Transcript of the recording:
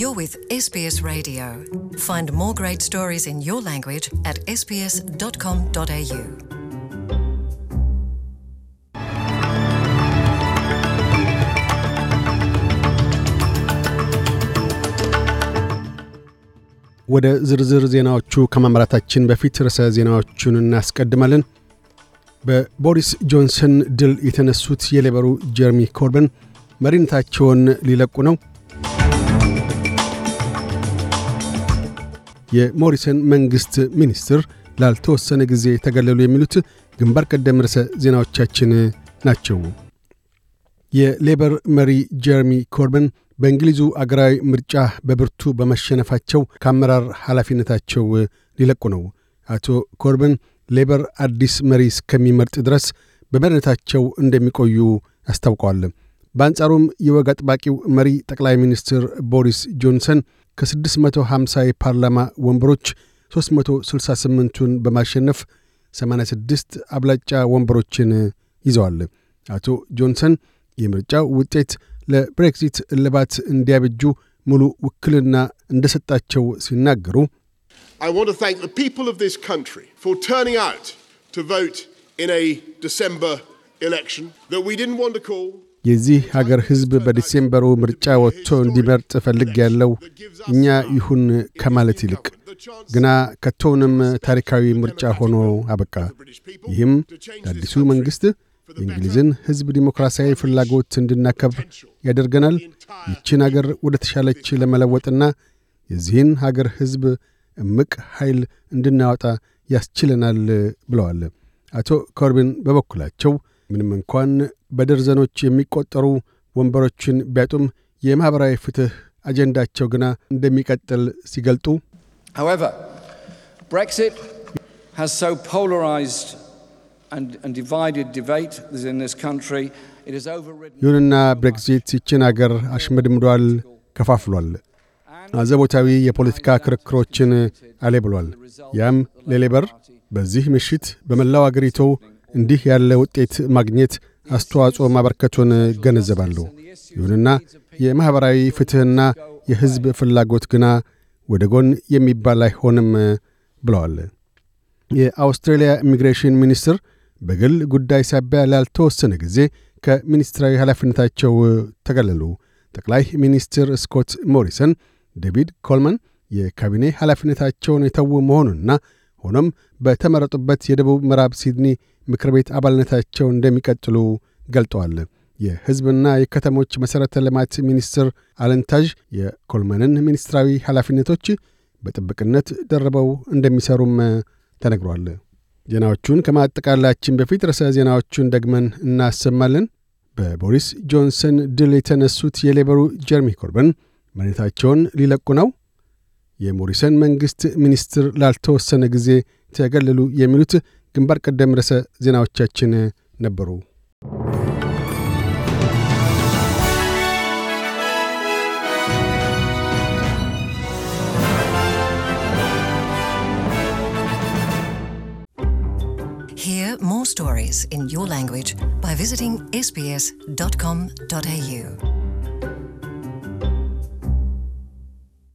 You're with SBS Radio. Find more great stories in your language at sbs.com.au. ወደ ዝርዝር ዜናዎቹ ከማምራታችን በፊት ርዕሰ ዜናዎቹን እናስቀድማለን። በቦሪስ ጆንሰን ድል የተነሱት የሌበሩ ጀርሚ ኮርበን መሪነታቸውን ሊለቁ ነው። የሞሪሰን መንግሥት ሚኒስትር ላልተወሰነ ጊዜ ተገለሉ የሚሉት ግንባር ቀደም ርዕሰ ዜናዎቻችን ናቸው። የሌበር መሪ ጀርሚ ኮርበን በእንግሊዙ አገራዊ ምርጫ በብርቱ በመሸነፋቸው ከአመራር ኃላፊነታቸው ሊለቁ ነው። አቶ ኮርበን ሌበር አዲስ መሪ እስከሚመርጥ ድረስ በመሪነታቸው እንደሚቆዩ አስታውቀዋል። በአንጻሩም የወግ አጥባቂው መሪ ጠቅላይ ሚኒስትር ቦሪስ ጆንሰን ከ650 የፓርላማ ወንበሮች 368ቱን በማሸነፍ 86 አብላጫ ወንበሮችን ይዘዋል። አቶ ጆንሰን የምርጫው ውጤት ለብሬክዚት እልባት እንዲያበጁ ሙሉ ውክልና እንደሰጣቸው ሲናገሩ የዚህ ሀገር ሕዝብ በዲሴምበሩ ምርጫ ወጥቶ እንዲመርጥ እፈልግ ያለው እኛ ይሁን ከማለት ይልቅ ግና ከቶውንም ታሪካዊ ምርጫ ሆኖ አበቃ። ይህም ለአዲሱ መንግሥት የእንግሊዝን ሕዝብ ዲሞክራሲያዊ ፍላጎት እንድናከብር ያደርገናል። ይችን አገር ወደ ተሻለች ለመለወጥና የዚህን ሀገር ሕዝብ እምቅ ኃይል እንድናወጣ ያስችለናል ብለዋል። አቶ ኮርቢን በበኩላቸው ምንም እንኳን በደርዘኖች የሚቆጠሩ ወንበሮችን ቢያጡም የማኅበራዊ ፍትሕ አጀንዳቸው ግና እንደሚቀጥል ሲገልጡ ይሁንና ብሬግዚት ይችን አገር አሽመድምዷል፣ ከፋፍሏል፣ አዘቦታዊ የፖለቲካ ክርክሮችን አሌ ብሏል። ያም ለሌበር በዚህ ምሽት በመላው አገሪቱ እንዲህ ያለ ውጤት ማግኘት አስተዋጽኦ ማበርከቱን እገነዘባለሁ። ይሁንና የማኅበራዊ ፍትሕና የሕዝብ ፍላጎት ግና ወደ ጎን የሚባል አይሆንም ብለዋል። የአውስትሬልያ ኢሚግሬሽን ሚኒስትር በግል ጉዳይ ሳቢያ ላልተወሰነ ጊዜ ከሚኒስትራዊ ኃላፊነታቸው ተገለሉ። ጠቅላይ ሚኒስትር ስኮት ሞሪሰን ዴቪድ ኮልመን የካቢኔ ኃላፊነታቸውን የተዉ መሆኑንና ሆኖም በተመረጡበት የደቡብ ምዕራብ ሲድኒ ምክር ቤት አባልነታቸው እንደሚቀጥሉ ገልጠዋል። የሕዝብና የከተሞች መሠረተ ልማት ሚኒስትር አለንታዥ የኮልመንን ሚኒስትራዊ ኃላፊነቶች በጥብቅነት ደርበው እንደሚሠሩም ተነግሯል። ዜናዎቹን ከማጠቃላችን በፊት ርዕሰ ዜናዎቹን ደግመን እናሰማለን። በቦሪስ ጆንሰን ድል የተነሱት የሌበሩ ጀርሚ ኮርበን መሬታቸውን ሊለቁ ነው። የሞሪሰን መንግሥት ሚኒስትር ላልተወሰነ ጊዜ ተገለሉ የሚሉት ግንባር ቀደም ርዕሰ ዜናዎቻችን ነበሩ። Hear more stories in your language by visiting sbs.com.au.